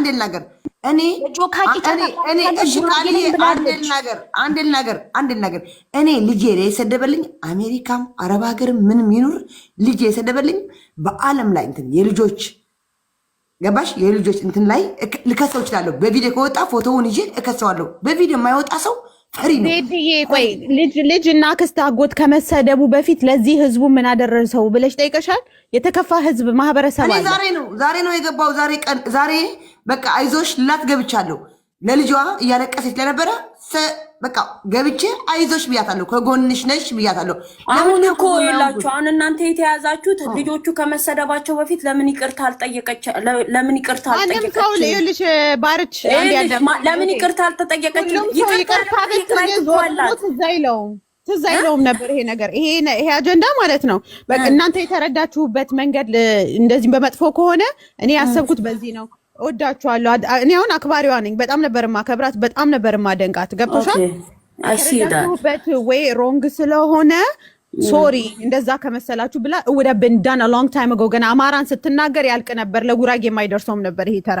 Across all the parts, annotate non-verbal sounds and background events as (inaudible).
አንድ ልናገር እኔ አንድ ልናገር እኔ ልጄ የሰደበልኝ አሜሪካም አረብ ሀገር ምንም ይኑር ልጄ የሰደበልኝ በዓለም ላይ እንትን የልጆች ገባሽ የልጆች እንትን ላይ ልከሰው እችላለሁ። በቪዲዮ ከወጣ ፎቶውን ይዤ እከሰዋለሁ። በቪዲዮ የማይወጣ ሰው ቤቢዬ ቆይ ልጅ ልጅ እና አክስት አጎት ከመሰደቡ በፊት ለዚህ ህዝቡ ምን አደረሰው ብለሽ ጠይቀሻል? የተከፋ ህዝብ ማህበረሰብ ዛሬ ነው ዛሬ ነው የገባው። ዛሬ ቀን ዛሬ በቃ አይዞሽ ላት ገብቻለሁ ለልጇ እያለቀሰች ስለነበረ በቃ ገብቼ አይዞሽ ብያታለሁ፣ ከጎንሽ ነሽ ብያታለሁ። አሁን እኮ የላችሁ አሁን እናንተ የተያዛችሁት ልጆቹ ከመሰደባቸው በፊት ለምን ይቅርታ አልጠየቀች? ለምን ይቅርታ አልጠየቀች? ባርች ለምን ይቅርታ አልተጠየቀች? ይቅርታ ትዝ አይለውም ትዝ አይለውም ነበር ይሄ ነገር ይሄ አጀንዳ ማለት ነው። እናንተ የተረዳችሁበት መንገድ እንደዚህ በመጥፎ ከሆነ እኔ ያሰብኩት በዚህ ነው ወዳችኋለሁ። እኔ አሁን አክባሪዋ ነኝ። በጣም ነበር ማከብራት፣ በጣም ነበር ማደንቃት። ገብቶሻልበት ወይ ሮንግ ስለሆነ ሶሪ እንደዛ ከመሰላችሁ ብላ ወደ ብንዳን ሎንግ ታይም ገና አማራን ስትናገር ያልቅ ነበር። ለጉራጌ የማይደርሰውም ነበር ይሄ ተራ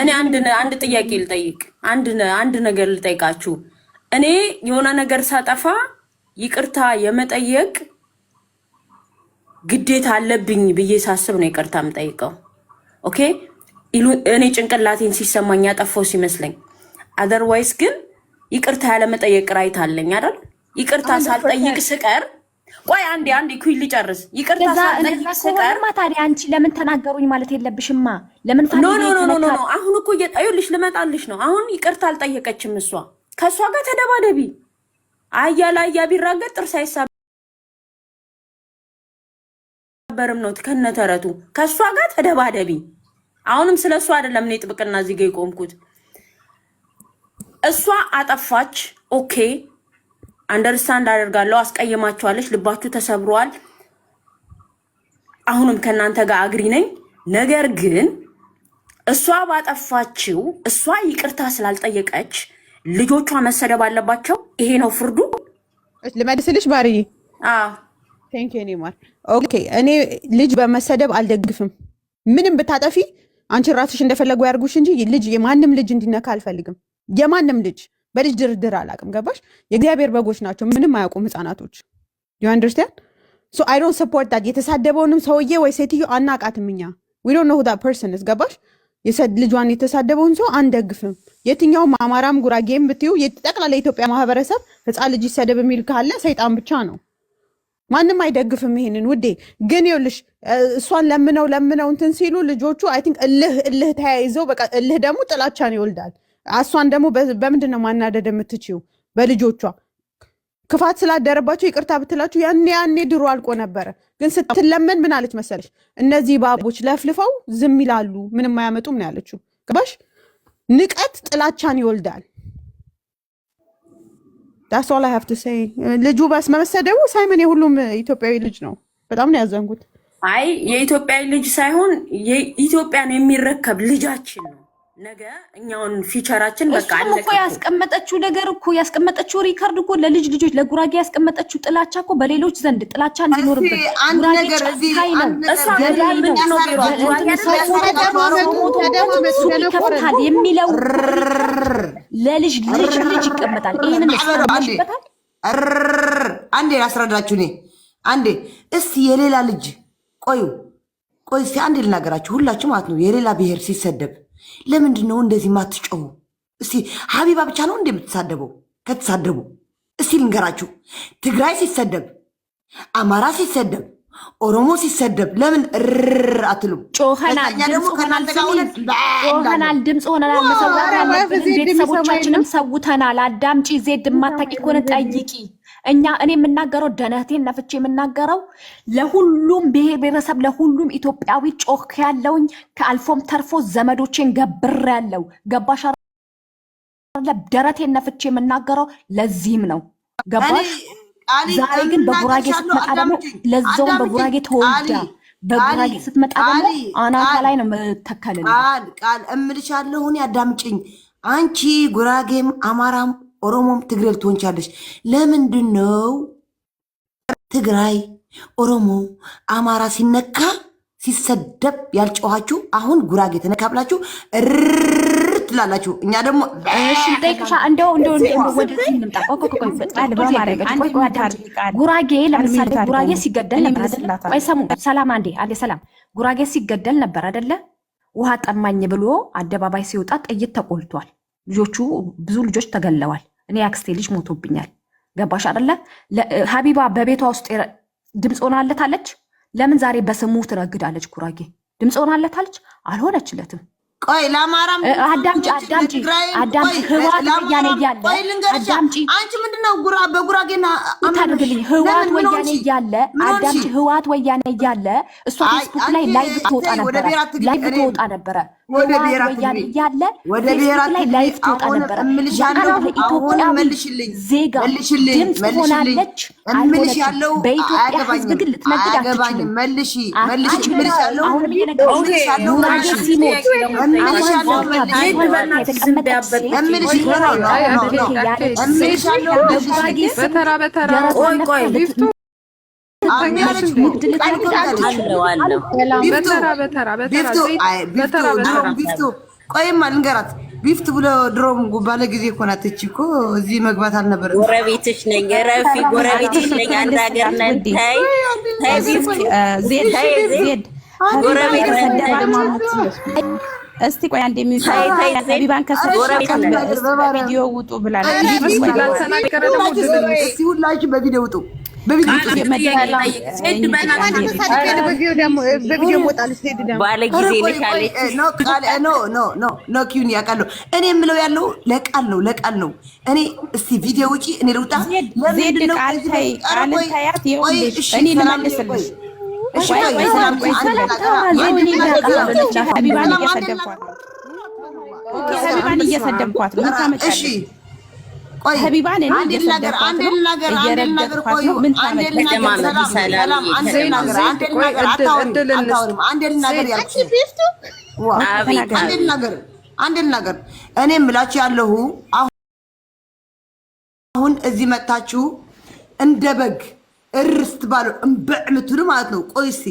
እኔ አንድ ጥያቄ ልጠይቅ፣ አንድ ነገር ልጠይቃችሁ። እኔ የሆነ ነገር ሳጠፋ ይቅርታ የመጠየቅ ግዴታ አለብኝ ብዬ ሳስብ ነው ይቅርታ የምጠይቀው። ኦኬ እኔ ጭንቅላቴን ሲሰማኝ ያጠፋው ሲመስለኝ፣ አዘርዋይስ ግን ይቅርታ ያለመጠየቅ ራይት አለኝ አይደል? ይቅርታ ሳልጠይቅ ስቀር ቆይ አንዴ አንዴ ኩይ ሊጨርስ ይቅርታ ሳትጠይቅ ታዲያ አንቺ ለምን ተናገሩኝ ማለት የለብሽማ። ለምን ፋኒ ኖ ኖ ኖ ኖ አሁን እኮ እየጣዩልሽ ልመጣልሽ ነው። አሁን ይቅርታ አልጠየቀችም እሷ። ከእሷ ጋር ተደባደቢ። አያላ አያ ለአያ ቢራገጥ ጥርስ አይሰበርም ነው ከነተረቱ። ከእሷ ጋር ተደባደቢ። አሁንም ስለ እሷ አይደለም እኔ ጥብቅና እዚህ ጋር የቆምኩት። እሷ አጠፋች ኦኬ አንደርስታንድ አደርጋለሁ። አስቀየማችኋለች፣ ልባችሁ ተሰብሯል። አሁንም ከእናንተ ጋር አግሪ ነኝ። ነገር ግን እሷ ባጠፋችው እሷ ይቅርታ ስላልጠየቀች ልጆቿ መሰደብ አለባቸው። ይሄ ነው ፍርዱ። ልመልስልሽ ባርዬ ኦኬ። እኔ ልጅ በመሰደብ አልደግፍም። ምንም ብታጠፊ አንቺን ራስሽ እንደፈለጉ ያርጉሽ እንጂ ልጅ የማንም ልጅ እንዲነካ አልፈልግም። የማንም ልጅ በልጅ ድርድር አላቅም። ገባሽ? የእግዚአብሔር በጎች ናቸው፣ ምንም አያውቁም ህፃናቶች። ዩ አንደርስታንድ ሶ አይ ዶንት ሰፖርት ዳት። የተሳደበውንም ሰውዬ ወይ ሴትዮ አናቃትም እኛ ዊ ዶንት ኖ ሁ ዳት ፐርሰን ገባሽ? ልጇን የተሳደበውን ሰው አንደግፍም። የትኛውም አማራም ጉራጌም ብትዩ ጠቅላላ የኢትዮጵያ ማህበረሰብ ህፃን ልጅ ይሰደብ የሚል ካለ ሰይጣን ብቻ ነው። ማንም አይደግፍም ይሄንን ውዴ። ግን ይኸውልሽ እሷን ለምነው ለምነው እንትን ሲሉ ልጆቹ አይ ቲንክ እልህ እልህ ተያይዘው በቃ እልህ ደግሞ ጥላቻን ይወልዳል። እሷን ደግሞ በምንድን ነው ማናደድ የምትችው? በልጆቿ ክፋት ስላደረባቸው ይቅርታ ብትላችሁ ያኔ ያኔ ድሮ አልቆ ነበረ። ግን ስትለመን ምን አለች መሰለች? እነዚህ ባቦች ለፍልፈው ዝም ይላሉ፣ ምንም አያመጡም ነው ያለችው። ገባሽ? ንቀት ጥላቻን ይወልዳል። ዳስ ኦል አይ ሃቭ ቱ ሴይ። ልጁ በስ መመሰደቡ ሳይመን የሁሉም ኢትዮጵያዊ ልጅ ነው። በጣም ነው ያዘንኩት። አይ የኢትዮጵያዊ ልጅ ሳይሆን የኢትዮጵያን የሚረከብ ልጃችን ነው። ነገ እኛውን ፊቸራችን በቃ እኮ ያስቀመጠችው ነገር እኮ ያስቀመጠችው ሪከርድ እኮ ለልጅ ልጆች ለጉራጌ ያስቀመጠችው ጥላቻ እኮ በሌሎች ዘንድ ጥላቻ እንዲኖርበት ይከፍታል የሚለው ለልጅ ልጅ ልጅ ይቀመጣል። ይህንን ያስቀመጥበታል። አንዴ ያስረዳችሁ እኔ አንዴ እስ የሌላ ልጅ ቆዩ ቆይ እስቲ አንዴ ልናገራችሁ ሁላችሁ ማለት ነው የሌላ ብሔር ሲሰደብ ለምንድን ነው እንደዚህ ማትጮው? እስቲ ሀቢባ ብቻ ነው የምትሳደበው ከተሳደቡ እስቲ ልንገራችሁ፣ ትግራይ ሲሰደብ፣ አማራ ሲሰደብ ኦሮሞ ሲሰደብ ለምን ር አትሉም? ጮኸናል፣ ድምፅ ሆነናል፣ ቤተሰቦቻችንም ሰውተናል። አዳምጪ ዜድ የማታውቂ ከሆነ ጠይቂ። እኛ እኔ የምናገረው ደነቴን ነፍቼ የምናገረው ለሁሉም ብሔር ብሔረሰብ፣ ለሁሉም ኢትዮጵያዊ ጮክ ያለውኝ ከአልፎም ተርፎ ዘመዶቼን ገብር ያለው ገባሻ? ደረቴን ነፍቼ የምናገረው ለዚህም ነው ገባሽ ዛሬ ግን በጉራጌ ስትመጣ ደግሞ ለዛውም በጉራጌ ተወልዳ በጉራጌ ስትመጣ ደግሞ አናቷ ላይ ነው መተከልን። ቃል ቃል እምልሻለሁ። እኔ አዳምጪኝ። አንቺ ጉራጌም አማራም ኦሮሞም ትግሬ ልትሆንቻለሽ። ለምንድን ነው ትግራይ ኦሮሞ አማራ ሲነካ ሲሰደብ ያልጨዋችሁ? አሁን ጉራጌ ተነካ ብላችሁ ትላላችሁ። እኛ ደግሞ ጠይቅሻ እንደው እንደው ጉራጌ ለምሳሌ ጉራጌ ሲገደል ነበር። ሰሙ ሰላም አንዴ አንዴ ሰላም። ጉራጌ ሲገደል ነበር አደለ? ውሃ ጠማኝ ብሎ አደባባይ ሲወጣ ጥይት ተቆልቷል። ልጆቹ ብዙ ልጆች ተገለዋል። እኔ አክስቴ ልጅ ሞቶብኛል። ገባሽ አደለ? ሀቢባ በቤቷ ውስጥ ድምፅ ሆናለታለች። ለምን ዛሬ በስሙ ትረግዳለች? ጉራጌ ድምፅ ሆናለታለች። አልሆነችለትም። ቆይ ለአማራም አዳምጪ አዳምጪ አዳምጪ ህወሓት ወያኔ እያለ አዳምጪ። አንቺ ምንድነው ጉራ በጉራጌና ታደርግልኝ? ህወሓት ወያኔ እያለ አዳምጪ። ህወሓት ወያኔ እያለ እሷ ፌስቡክ ላይ ላይቭ ትወጣ ነበረ፣ ላይቭ ትወጣ ነበረ። ህወሓት ወያኔ እያለ በተራ በተራ ቆይ ቆይ ቆይማ ልንገራት። ቢፍት ብሎ ድሮም ባለ ጊዜ እኮ ናት እቺ እኮ እዚህ መግባት አልነበረ። ጎረቤትሽ ነኝ፣ ረፊ ጎረቤትሽ ነኝ። አንድ ሀገር ነን። ተይ ቢፍት ዜድ ዜድ ጎረቤት ነን። እስቲ ቆይ አንድ ቢባን ቪዲዮ ውጡ ብላለች። ሁላችሁ በቪዲዮ ውጡ። ኖኪውን ያውቃለሁ። እኔ የምለው ያለው ለቃል ነው፣ ለቃል ነው። እኔ እስቲ ቪዲዮ ውጪ፣ እኔ ልውጣ። ለምንድን ነው እኔ ሀቢባን እኔ እየሰደብኳት ነው፣ አንድ ነገር እኔ የምላችሁ ያለሁ አሁን እዚህ መጣችሁ እንደ በግ እር ስትባለው እንበዕምትሉ ማለት ነው። ቆይ እስኪ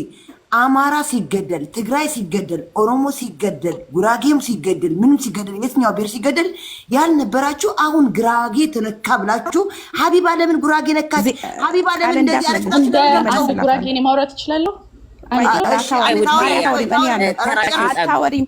አማራ ሲገደል፣ ትግራይ ሲገደል፣ ኦሮሞ ሲገደል፣ ጉራጌም ሲገደል፣ ምንም ሲገደል፣ የትኛው ብሔር ሲገደል ያልነበራችሁ አሁን ግራጌ ተነካ ብላችሁ ሀቢባ ለምን ጉራጌ ነካ? ሀቢባ ለምን እንደዚህ ያለች ጉራጌ ማውራት ይችላለሁ። አታወሪም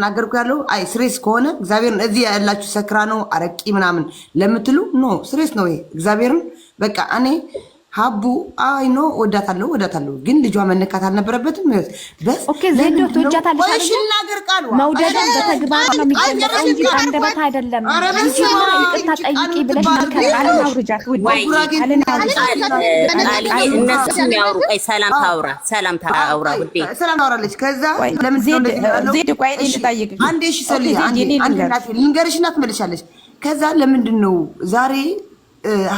እየተናገርኩ ያለው አይ ስሬስ ከሆነ እግዚአብሔርን እዚህ ያላችሁ ሰክራ ነው አረቂ ምናምን ለምትሉ ኖ ስሬስ ነው ይሄ እግዚአብሔርን በቃ እኔ ሀቡ አይ ኖ ወዳታለሁ ወዳታለሁ፣ ግን ልጇ መነካት አልነበረበትም። ኦኬ ዜዶ ትወጃታለሽ። ሽናገር ቃል መውደድን በተግባር ነው የሚገለጸው እንጂ በአንደበት አይደለም። ልጅማ ይቅርታ ጠይቂ ብለሽ መከር አለን አውርጃት። የሚያወሩ ቆይ፣ ሰላም ታውራ፣ ሰላም ታውራ፣ ውዴ ሰላም ታውራለች። ከዛ ዜድ ቆይ ልጠይቅ አንዴ። እሺ ሰልይ ልንገርሽና ትመልሻለች። ከዛ ለምንድን ነው ዛሬ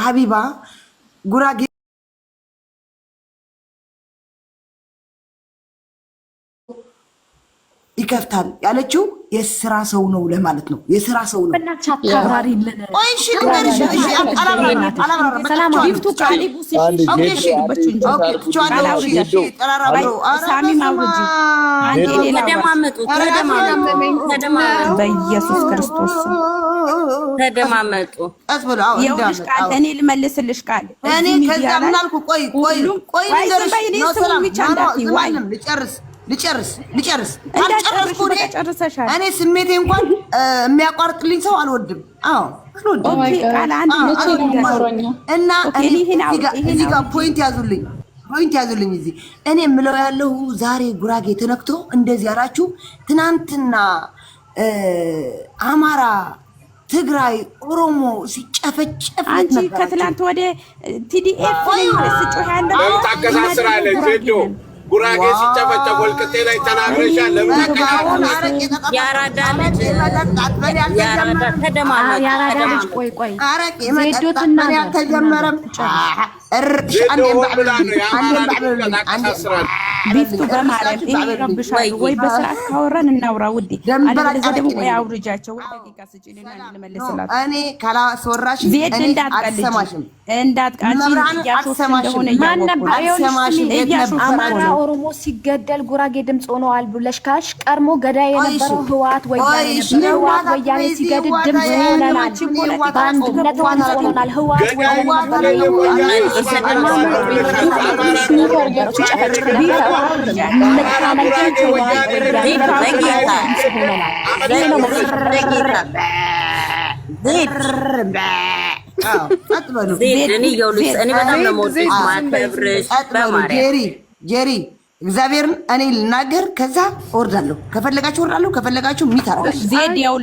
ሀቢባ ጉራጌ ይከፍታል ያለችው የስራ ሰው ነው ለማለት ነው። የስራ ሰው ነው። ተደማመጡ። ይኸውልሽ ቃል እኔ ልመልስልሽ ቃል እኔ ከዛ ምን ቆይ ቆይ ቆይ ልጨርስ ልጨርስ ልጨርስ አልጨረስኩ። እኔ ስሜቴ እንኳን የሚያቋርጥልኝ ሰው አልወድም። አዎ እና እዚህ ጋር ፖይንት ያዙልኝ፣ ፖይንት ያዙልኝ። እዚህ እኔ የምለው ዛሬ ጉራጌ ተነክቶ እንደዚህ አላችሁ ትናንትና አማራ ትግራይ ኦሮሞ ሲጨፈጨፍ አንቺ ከትላንት ወደ ቲዲኤፍ ስጮ ያለ ታቀሳስራለች ጉራጌ ሲጨፈጨፍ ወልቅጤ ላይ ተናግረሻል። ለምን ያራዳ ልጅ ቆይ ቆይ ቢፍቱ በማለት ይሄ ይረብሻል ወይ? በስርዓት ካወራን እናውራ ውዴ። አለበለዚያ ደግሞ ወይ አውርጃቸው ወይ ደቂቃ ስጭልና እንመለስላት። እኔ ካላስወራሽ ዜድ እንዳትቀልጅ እንዳትቃልጅ። አማራ ኦሮሞ ሲገደል ጉራጌ ድምፅ ሆነዋል ብለሽ ካልሽ ቀድሞ ገዳይ የነበረው ህወሓት ወያኔ ሲገድል ድምፅ ሆነናል፣ በአንድነት ሆናል። ህወሓት ወያኔ ሆናል። ጄሪ እግዚአብሔርን እኔ ልናገር፣ ከዛ ወርዳለሁ። ከፈለጋችሁ ወርዳለሁ፣ ከፈለጋችሁ ሚት አረጋለሁ። እግዚአብሔርን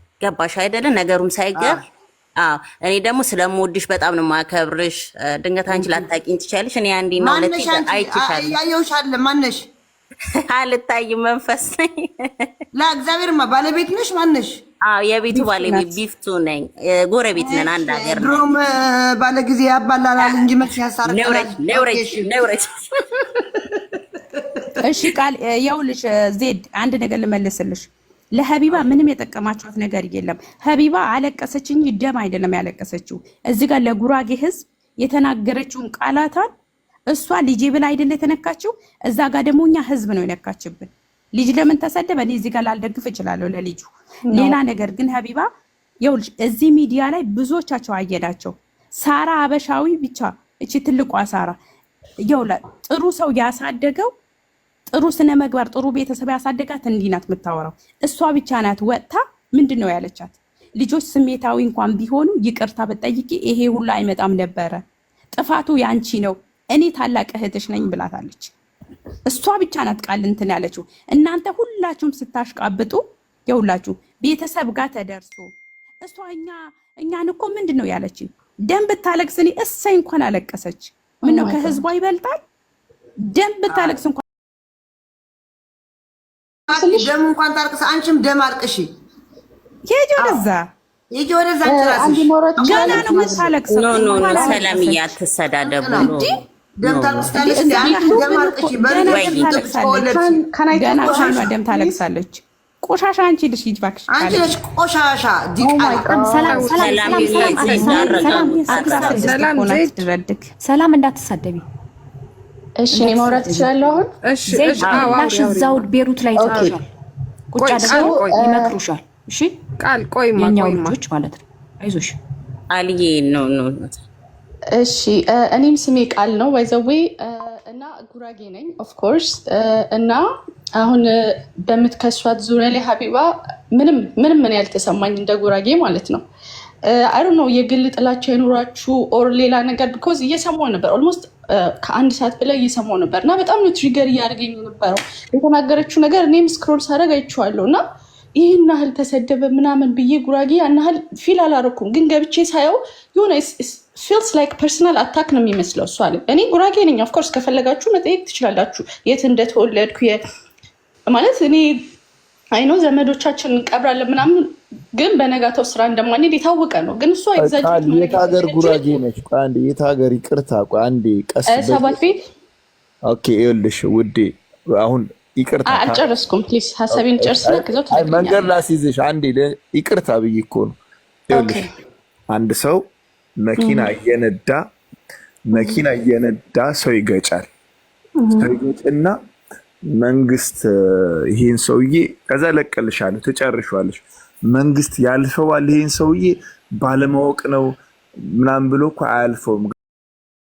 ገባሽ አይደለ? ነገሩም ሳይገር እኔ ደግሞ ስለምወድሽ በጣም ነው ማከብርሽ። ድንገት አንቺ ላታቂኝ ትችያለሽ። እኔ አንዴ ነው አይችሻለሁ ማነሽ (laughs) አልታይ መንፈስ ነኝ። ለእግዚአብሔር ማ ባለቤት ነሽ ማነሽ? አዎ የቤቱ ባለቤት ቢፍቱ ነኝ። ጎረቤት ነን፣ አንድ ሀገር ነው። ድሮም ጊዜ ያባላላል እንጂ መች ያሳርቃል። ነውረች ነውረች። እሺ ቃል የውልሽ ዜድ አንድ ነገር ልመልስልሽ ለሀቢባ ምንም የጠቀማችኋት ነገር የለም። ሀቢባ አለቀሰች እንጂ ደም አይደለም ያለቀሰችው። እዚህ ጋር ለጉራጌ ህዝብ የተናገረችውን ቃላታን እሷ ልጄ ብላ አይደለ የተነካችው። እዛ ጋር ደግሞ እኛ ህዝብ ነው የነካችብን። ልጅ ለምን ተሰደበ? እኔ እዚህ ጋር ላልደግፍ እችላለሁ ለልጁ ሌላ ነገር ግን ሀቢባ ይኸውልሽ፣ እዚህ ሚዲያ ላይ ብዙዎቻቸው አየዳቸው ሳራ አበሻዊ ብቻ እቺ ትልቋ ሳራ ይኸውላ ጥሩ ሰው ያሳደገው ጥሩ ስነ መግባር ጥሩ ቤተሰብ ያሳደጋት እንዲህ ናት የምታወራው። እሷ ብቻ ናት ወጥታ ምንድን ነው ያለቻት? ልጆች ስሜታዊ እንኳን ቢሆኑ ይቅርታ ብትጠይቂ ይሄ ሁሉ አይመጣም ነበረ። ጥፋቱ ያንቺ ነው፣ እኔ ታላቅ እህትሽ ነኝ ብላታለች። እሷ ብቻ ናት ቃል እንትን ያለችው። እናንተ ሁላችሁም ስታሽቃብጡ የሁላችሁ ቤተሰብ ጋር ተደርሶ እሷ እኛ እኛን እኮ ምንድን ነው ደም ብታለቅስ እኔ እሰይ እንኳን አለቀሰች። ምነው oh ከህዝቧ ይበልጣል? ደም ብታለቅስ እንኳን ደም እንኳን ታርቅስ፣ አንቺም ደም አልቅሺ። ሂጂ ወደዛ ሂጂ ወደዛ። ገና ነው የምታለቅሰው። ሰላምዬ አትሰዳደቡ። ደም ታለቅሳለች። ደም ታለቅሳለች። ቆሻሻ አንቺ ልሽ ሂጂ እባክሽ። አንቺ ልሽ ቆሻሻ ሰላም እንዳትሳደቢ እሺ እኔ ማውራት እችላለሁ አሁን። እሺ እሺ፣ እዛው ቤሩት ላይ ተጫውቷል። ቁጭ አድርገው ይመክሩሻል። እሺ ቃል ቆይ ቆይማ ቆይማ ማለት ነው። አይዞሽ አልዬ ነው ነው። እሺ እኔም ስሜ ቃል ነው ባይ ባይዘዌ እና ጉራጌ ነኝ ኦፍ ኮርስ። እና አሁን በምትከሷት ዙሪያ ላይ ሀቢባ ምንም ምንም ምን ያልተሰማኝ እንደ ጉራጌ ማለት ነው አይ ነው የግል ጥላቻ ይኑራችሁ ኦር ሌላ ነገር ቢኮዝ እየሰማሁ ነበር ኦልሞስት ከአንድ ሰዓት በላይ እየሰማው ነበር እና በጣም ነው ትሪገር እያደረገኝ የነበረው የተናገረችው ነገር። እኔም ስክሮል ሳደርግ አይቼዋለሁ እና ይህን ያህል ተሰደበ ምናምን ብዬ ጉራጌ ያን ያህል ፊል አላረኩም፣ ግን ገብቼ ሳየው የሆነ ፊልስ ላይክ ፐርሰናል አታክ ነው የሚመስለው። እሱ አለ እኔ ጉራጌ ነኝ። ኦፍኮርስ ከፈለጋችሁ መጠየቅ ትችላላችሁ የት እንደተወለድኩ ማለት እኔ አይኖ ዘመዶቻችን እንቀብራለን ምናምን ግን በነጋታው ስራ እንደማንሄድ የታወቀ ነው። ግን እሷ የት ሀገር ጉራጌ ነች? አንዴ የት ሀገር ይቅርታ፣ አንዴ ቀስ ሰባት ኦኬ። ይኸውልሽ ውዴ አሁን ይቅርታ አልጨረስኩም። ፕሊዝ ሀሳቤን ጨርስና መንገድ ላስይዝሽ አንዴ። ይቅርታ ብዬ እኮ ነው። ይኸውልሽ አንድ ሰው መኪና እየነዳ መኪና እየነዳ ሰው ይገጫል። ሰው ይገጭና መንግስት ይህን ሰውዬ ከዛ ለቀልሻለሁ ትጨርሻለሽ መንግስት ያልፈዋል ይሄን ሰውዬ ባለማወቅ ነው ምናምን ብሎ እኮ አያልፈውም።